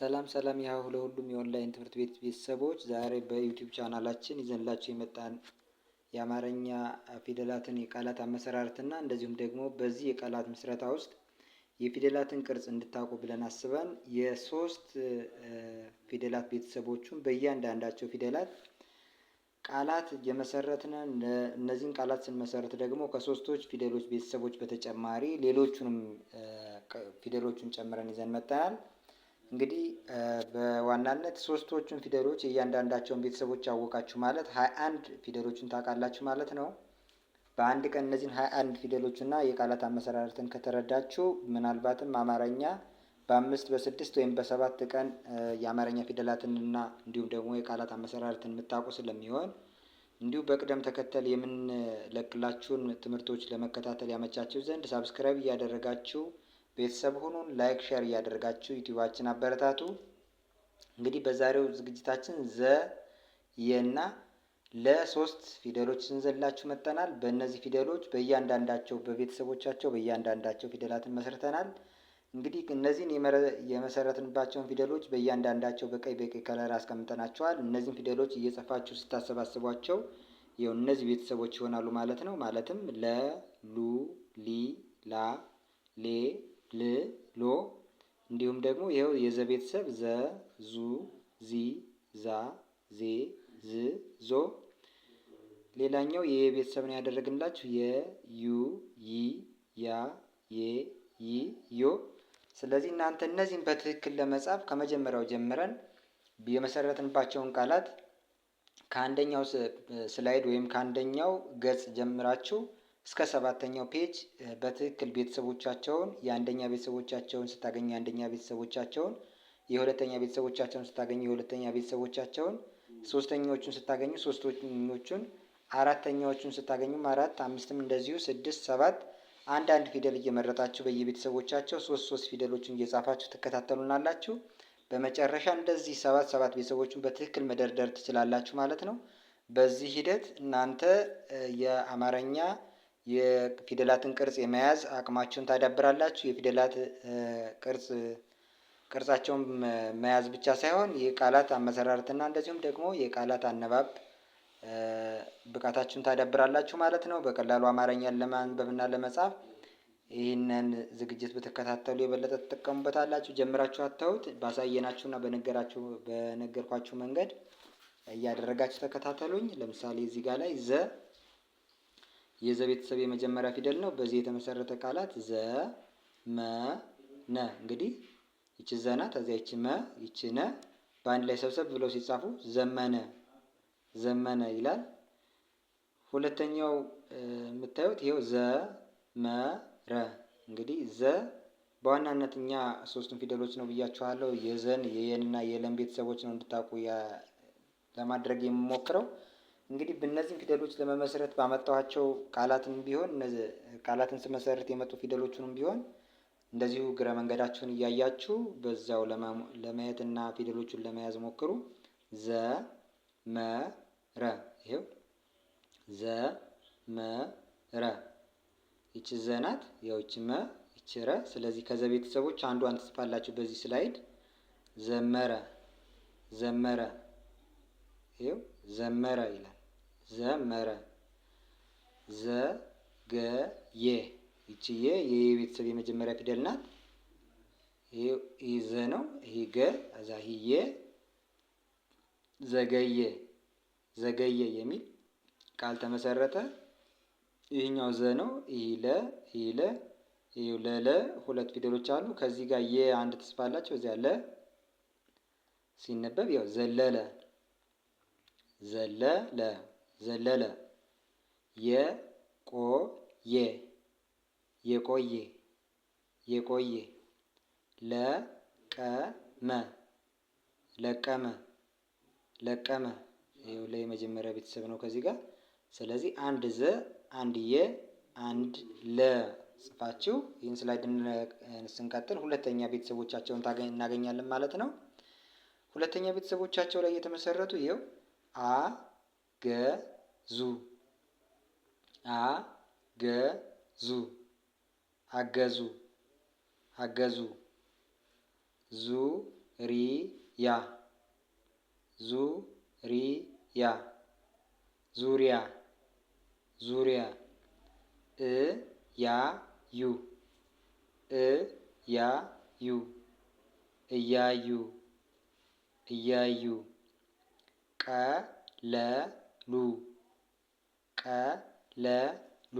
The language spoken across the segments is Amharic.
ሰላም ሰላም ያው ለሁሉም የኦንላይን ትምህርት ቤት ቤተሰቦች ዛሬ በዩቲዩብ ቻናላችን ይዘንላቸው የመጣን የአማርኛ ፊደላትን የቃላት አመሰራረትና እንደዚሁም ደግሞ በዚህ የቃላት ምስረታ ውስጥ የፊደላትን ቅርጽ እንድታውቁ ብለን አስበን የሶስት ፊደላት ቤተሰቦቹን በእያንዳንዳቸው ፊደላት ቃላት የመሰረትን እነዚህን ቃላት ስንመሰረት ደግሞ ከሶስቶች ፊደሎች ቤተሰቦች በተጨማሪ ሌሎቹንም ፊደሎቹን ጨምረን ይዘን መጥተናል። እንግዲህ በዋናነት ሶስቶቹን ፊደሎች የእያንዳንዳቸውን ቤተሰቦች አወቃችሁ ማለት ሀያ አንድ ፊደሎችን ታውቃላችሁ ማለት ነው። በአንድ ቀን እነዚህን ሀያ አንድ ፊደሎችና የቃላት አመሰራረትን ከተረዳችሁ ምናልባትም አማርኛ በአምስት በስድስት ወይም በሰባት ቀን የአማርኛ ፊደላትንና እንዲሁም ደግሞ የቃላት አመሰራረትን የምታውቁ ስለሚሆን እንዲሁ በቅደም ተከተል የምንለቅላችሁን ትምህርቶች ለመከታተል ያመቻችሁ ዘንድ ሳብስክራይብ እያደረጋችሁ ቤተሰብ ሁኑን። ላይክ ሼር እያደረጋችሁ ዩቲዩባችን አበረታቱ። እንግዲህ በዛሬው ዝግጅታችን ዘ የና ለሶስት ፊደሎች ስንዘላችሁ መጠናል። በእነዚህ ፊደሎች በእያንዳንዳቸው በቤተሰቦቻቸው በእያንዳንዳቸው ፊደላትን መስርተናል። እንግዲህ እነዚህን የመሰረትንባቸውን ፊደሎች በእያንዳንዳቸው በቀይ በቀይ ከለር አስቀምጠናቸዋል። እነዚህን ፊደሎች እየጸፋችሁ ስታሰባስቧቸው ይኸው እነዚህ ቤተሰቦች ይሆናሉ ማለት ነው። ማለትም ለ፣ ሉ፣ ሊ፣ ላ፣ ሌ ል ሎ እንዲሁም ደግሞ ይኸው የዘ ቤተሰብ ዘ ዙ ዚ ዛ ዜ ዝ ዞ ሌላኛው የቤተሰብን ነው ያደረግንላችሁ የ ዩ ይ ያ የ ይ ዮ። ስለዚህ እናንተ እነዚህን በትክክል ለመጻፍ ከመጀመሪያው ጀምረን የመሰረትንባቸውን ቃላት ከአንደኛው ስላይድ ወይም ከአንደኛው ገጽ ጀምራችሁ እስከ ሰባተኛው ፔጅ በትክክል ቤተሰቦቻቸውን የአንደኛ ቤተሰቦቻቸውን ስታገኙ የአንደኛ ቤተሰቦቻቸውን፣ የሁለተኛ ቤተሰቦቻቸውን ስታገኙ የሁለተኛ ቤተሰቦቻቸውን፣ ሶስተኛዎቹን ስታገኙ ሶስተኞቹን፣ አራተኛዎቹን ስታገኙም አራት፣ አምስትም እንደዚሁ ስድስት፣ ሰባት አንዳንድ ፊደል እየመረጣችሁ በየቤተሰቦቻቸው ሶስት ሶስት ፊደሎችን እየጻፋችሁ ትከታተሉናላችሁ። በመጨረሻ እንደዚህ ሰባት ሰባት ቤተሰቦችን በትክክል መደርደር ትችላላችሁ ማለት ነው። በዚህ ሂደት እናንተ የአማርኛ የፊደላትን ቅርጽ የመያዝ አቅማችሁን ታዳብራላችሁ። የፊደላት ቅርጽ ቅርጻቸውን መያዝ ብቻ ሳይሆን የቃላት አመሰራረትና እንደዚሁም ደግሞ የቃላት አነባብ ብቃታችሁን ታዳብራላችሁ ማለት ነው። በቀላሉ አማርኛን ለማንበብና ለመጻፍ ይህንን ዝግጅት ብትከታተሉ የበለጠ ትጠቀሙበታላችሁ። ጀምራችሁ አታዩት። ባሳየናችሁና በነገራችሁ በነገርኳችሁ መንገድ እያደረጋችሁ ተከታተሉኝ። ለምሳሌ እዚህ ጋር ላይ ዘ የዘ ቤተሰብ የመጀመሪያ ፊደል ነው። በዚህ የተመሰረተ ቃላት ዘ መ ነ። እንግዲህ ይቺ ዘና ተዚያ ይቺ መ ይቺ ነ በአንድ ላይ ሰብሰብ ብለው ሲጻፉ ዘመነ ዘመነ ይላል። ሁለተኛው የምታዩት ይኸው ዘ መ ረ። እንግዲህ ዘ በዋናነት እኛ ሶስቱን ፊደሎች ነው ብያችኋለሁ። የዘን የየንና የለን ቤተሰቦች ነው እንድታውቁ ለማድረግ የምሞክረው። እንግዲህ በእነዚህን ፊደሎች ለመመስረት ባመጣኋቸው ቃላትን ቢሆን ቃላትን ስመሰረት የመጡ ፊደሎቹንም ቢሆን እንደዚሁ ግረ መንገዳችሁን እያያችሁ በዛው ለማየትና ፊደሎቹን ለመያዝ ሞክሩ። ዘ መ ረ ይሄው ዘ መ ረ ይቺ ዘ ናት። ያው ይቺ መ ይቺ ረ። ስለዚህ ከዘ ቤተሰቦች አንዱ አንትስፋላችሁ በዚህ ስላይድ ዘመረ ዘመረ ይሄው ዘመረ ይላል። ዘመረ ዘገየ ይቺ የ የየ ቤተሰብ የመጀመሪያ ፊደል ናት። ይህ ዘ ነው። ይህ ገ እዛ ሂየ ዘገየ ዘገየ የሚል ቃል ተመሰረተ። ይህኛው ዘ ነው። ይህ ለ ይህ ለ ይህ ለለ ሁለት ፊደሎች አሉ። ከዚህ ጋር የ አንድ ተስፋ አላቸው። እዚያ ለ ሲነበብ ያው ዘለለ ዘለለ ዘለለ የቆየ የቆየ የቆየ ለቀመ ለቀመ ለቀመ ላይ ለየመጀመሪያ ቤተሰብ ነው ከዚህ ጋር ስለዚህ አንድ ዘ አንድ የ አንድ ለ ጽፋችሁ ይህን ስላይድ ስንቀጥል ሁለተኛ ቤተሰቦቻቸውን እናገኛለን ማለት ነው። ሁለተኛ ቤተሰቦቻቸው ላይ የተመሰረቱ ይኸው አ ገዙ አገዙ አገዙ አገዙ ዙሪያ ዙሪያ ዙሪያ ዙሪያ እያዩ እያዩ እያዩ እያዩ ቀለብ ሉ ቀለሉ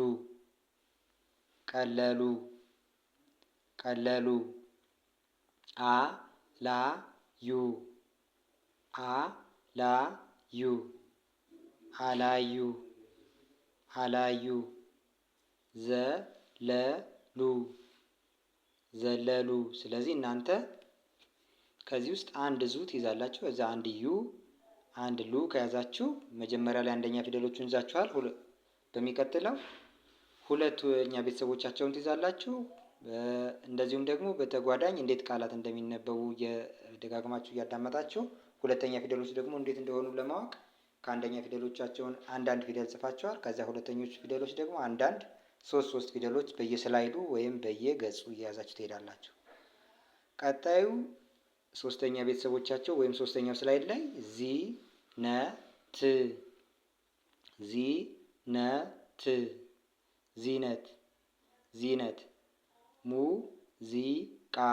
ቀለሉ ቀለሉ አላዩ አላዩ አላዩ አላዩ ዘለሉ ዘለሉ ስለዚህ እናንተ ከዚህ ውስጥ አንድ ዙ ትይዛላችሁ እዚ አንድ ዩ አንድ ሉ ከያዛችሁ መጀመሪያ ላይ አንደኛ ፊደሎቹን ይዛችኋል። በሚቀጥለው ሁለተኛ ቤተሰቦቻቸውን ትይዛላችሁ። እንደዚሁም ደግሞ በተጓዳኝ እንዴት ቃላት እንደሚነበቡ ደጋግማችሁ እያዳመጣችሁ ሁለተኛ ፊደሎች ደግሞ እንዴት እንደሆኑ ለማወቅ ከአንደኛ ፊደሎቻቸውን አንዳንድ ፊደል ጽፋችኋል። ከዚያ ሁለተኞቹ ፊደሎች ደግሞ አንዳንድ ሶስት ሶስት ፊደሎች በየስላይዱ ወይም በየገጹ እየያዛችሁ ትሄዳላችሁ። ቀጣዩ ሶስተኛ ቤተሰቦቻቸው ወይም ሶስተኛው ስላይድ ላይ ዚ ነት ዚነት ዚነት ቃ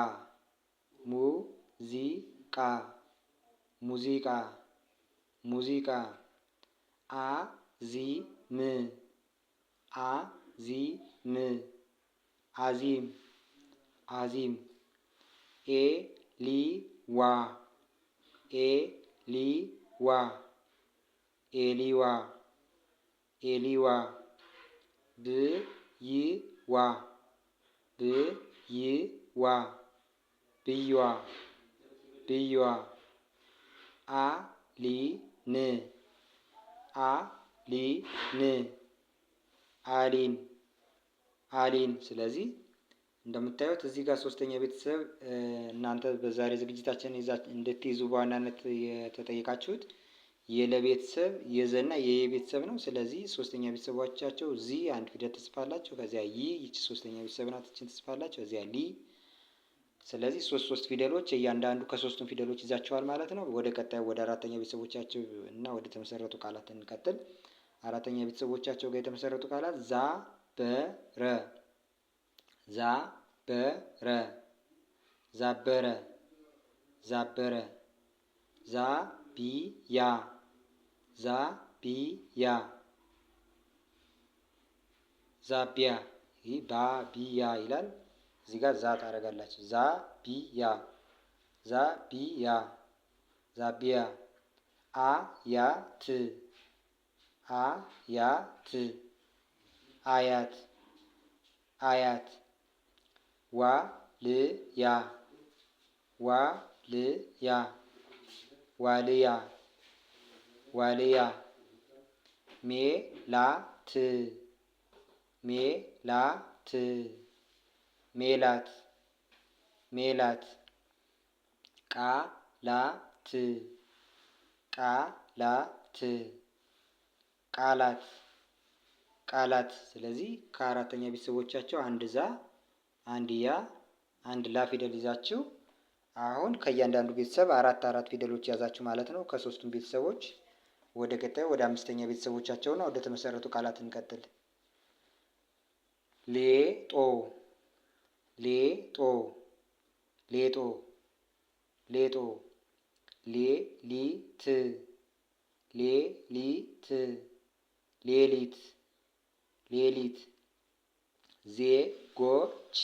ሙዚቃ ሙዚቃ አ አ ዚ ም ዚ ም አዚም አዚም ኤ ሊ ዋ ኤ ሊ ዋ ኤሊዋ ኤሊዋ ዋ ዋ አ ሊ ን አ ሊ ን አሊን አሊን ስለዚህ እንደምታዩት እዚህ ጋር ሶስተኛ ቤተሰብ እናንተ በዛሬ ዝግጅታችን እንድትይዙ በዋናነት የተጠየቃችሁት የለቤተሰብ የዘና የየቤተሰብ ነው። ስለዚህ ሶስተኛ ቤተሰቦቻቸው ዚ አንድ ፊደል ተስፋላቸው ከዚያ ይ ይቺ ሶስተኛ ቤተሰብ ናት። ይችን ትጽፋላችሁ። ከዚያ ሊ። ስለዚህ ሶስት ሶስት ፊደሎች እያንዳንዱ ከሶስቱም ፊደሎች ይዛችኋል ማለት ነው። ወደ ቀጣዩ ወደ አራተኛ ቤተሰቦቻቸው እና ወደ ተመሰረቱ ቃላት እንቀጥል። አራተኛ ቤተሰቦቻቸው ጋር የተመሰረቱ ቃላት ዛ በረ ዛበረ ዛበረ ዛበረ ዛቢያ ዛቢያ ዛቢያ ይህ ባቢያ ይላል። እዚህ ጋር ዛ ታደርጋላችሁ። ዛቢያ ዛቢያ ዛቢያ አያት አያት አያት አያት ዋልያ ዋልያ ዋልያ ዋልያ ሜላት ሜላት ሜላት ሜላት ቃላት ቃላት ቃላት ቃላት ስለዚህ ከአራተኛ ቤተሰቦቻቸው አንድ ዛ አንድ ያ አንድ ላ ፊደል ይዛችሁ አሁን ከእያንዳንዱ ቤተሰብ አራት አራት ፊደሎች ያዛችሁ ማለት ነው። ከሶስቱም ቤተሰቦች ወደ ቀጣዩ ወደ አምስተኛ ነው ወደ ተመሰረቱ ቃላት እንቀጥል። ሌጦ ሌጦ ሌጦ ሌጦ ሌሊት ሌሊት ሌሊት ሌሊት ዜጎች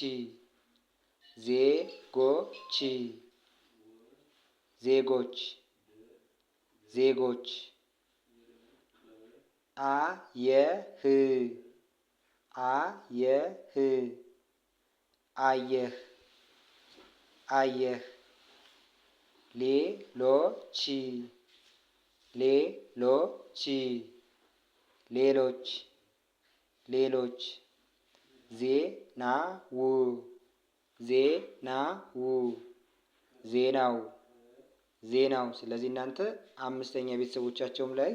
ዜጎች ዜጎች ዜጎች አየህ አየህ አየህ አየህ ሌሎች ሌሎች ሌሎች ሌሎች ዜናው ዜናው ዜናው ዜናው ስለዚህ እናንተ አምስተኛ ቤተሰቦቻቸውም ላይ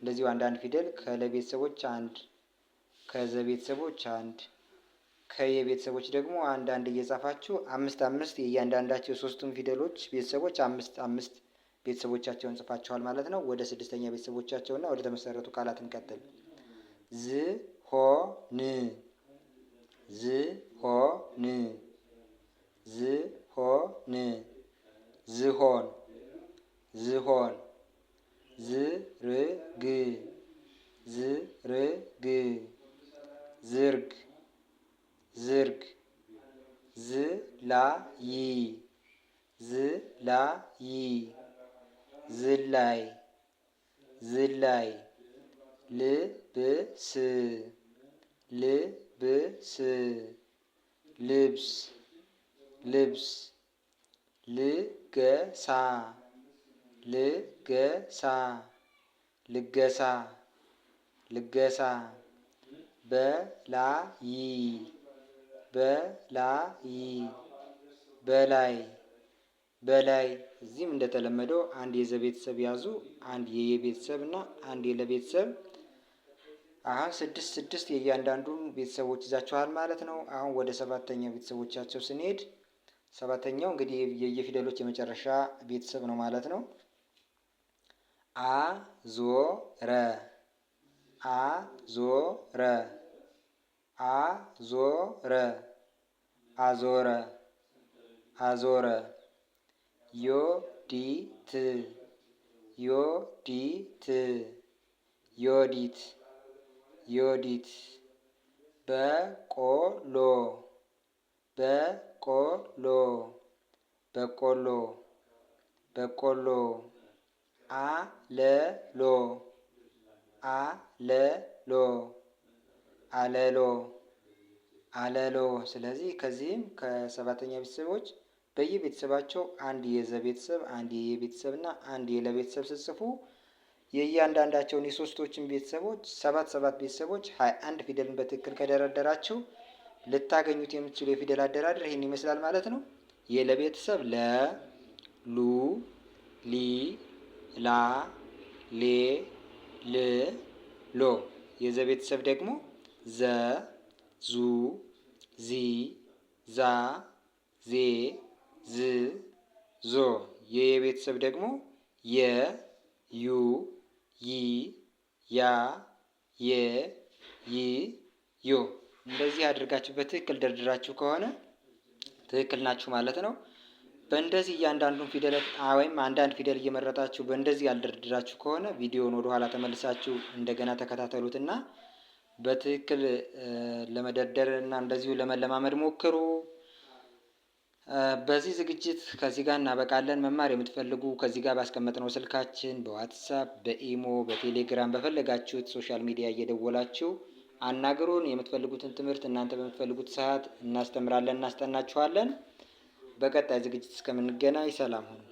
እንደዚሁ አንዳንድ ፊደል ከለቤተሰቦች ቤተሰቦች አንድ ከዘቤተሰቦች አንድ ከየቤተሰቦች ደግሞ አንዳንድ እየጻፋችሁ አምስት አምስት የእያንዳንዳቸው ሶስቱም ፊደሎች ቤተሰቦች አምስት አምስት ቤተሰቦቻቸውን ጽፋችኋል ማለት ነው። ወደ ስድስተኛ ቤተሰቦቻቸውና ወደ ተመሰረቱ ቃላት እንቀጥል። ዝሆን ዝሆን ዝሆን ዝሆን ልብስ ልገሳ ልገሳ ልገሳ ልገሳ በላይ በላይ በላይ በላይ እዚህም እንደተለመደው አንድ የዘ ቤተሰብ ያዙ አንድ የየ ቤተሰብ እና አንድ የለ ቤተሰብ። አሁን ስድስት ስድስት የእያንዳንዱን ቤተሰቦች ይዛችኋል ማለት ነው። አሁን ወደ ሰባተኛ ቤተሰቦቻቸው ስንሄድ ሰባተኛው እንግዲህ የየፊደሎች የመጨረሻ ቤተሰብ ነው ማለት ነው። አ ዞ ረ አ ዞ ረ አ ዞ ረ አዞረ አዞረ ዮ ዲ ት ዮ ዲ ት ዮዲት ዮዲት በቆሎ በ ቆሎ በቆሎ በቆሎ አለሎ አለሎ አለሎ አለሎ ስለዚህ ከዚህም ከሰባተኛ ቤተሰቦች በየቤተሰባቸው አንድ የዘ ቤተሰብ አንድ የየ ቤተሰብ እና አንድ የለ ቤተሰብ ስትጽፉ የእያንዳንዳቸውን የሶስቶችን ቤተሰቦች ሰባት ሰባት ቤተሰቦች ሃያ አንድ ፊደልን በትክክል ከደረደራችሁ ልታገኙት የምትችሉ የፊደል አደራደር ይህን ይመስላል ማለት ነው። የለቤተሰብ ለ፣ ሉ፣ ሊ፣ ላ፣ ሌ፣ ል፣ ሎ። የዘ ቤተሰብ ደግሞ ዘ፣ ዙ፣ ዚ፣ ዛ፣ ዜ፣ ዝ፣ ዞ። የየቤተሰብ ደግሞ የ፣ ዩ፣ ይ፣ ያ፣ የ፣ ይ፣ ዮ። እንደዚህ አድርጋችሁ በትክክል ደርድራችሁ ከሆነ ትክክል ናችሁ ማለት ነው። በእንደዚህ እያንዳንዱን ፊደል ወይም አንዳንድ ፊደል እየመረጣችሁ በእንደዚህ ያልደርድራችሁ ከሆነ ቪዲዮውን ወደኋላ ተመልሳችሁ እንደገና ተከታተሉትና በትክክል ለመደርደር እና እንደዚሁ ለመለማመድ ሞክሩ። በዚህ ዝግጅት ከዚህ ጋር እናበቃለን። መማር የምትፈልጉ ከዚህ ጋር ባስቀመጥነው ስልካችን በዋትሳፕ፣ በኢሞ፣ በቴሌግራም በፈለጋችሁት ሶሻል ሚዲያ እየደወላችሁ አናግሩን። የምትፈልጉትን ትምህርት እናንተ በምትፈልጉት ሰዓት እናስተምራለን፣ እናስጠናችኋለን። በቀጣይ ዝግጅት እስከምንገናኝ ሰላም ሁኑ።